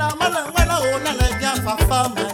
na malangwela o oh, na la ja fa fama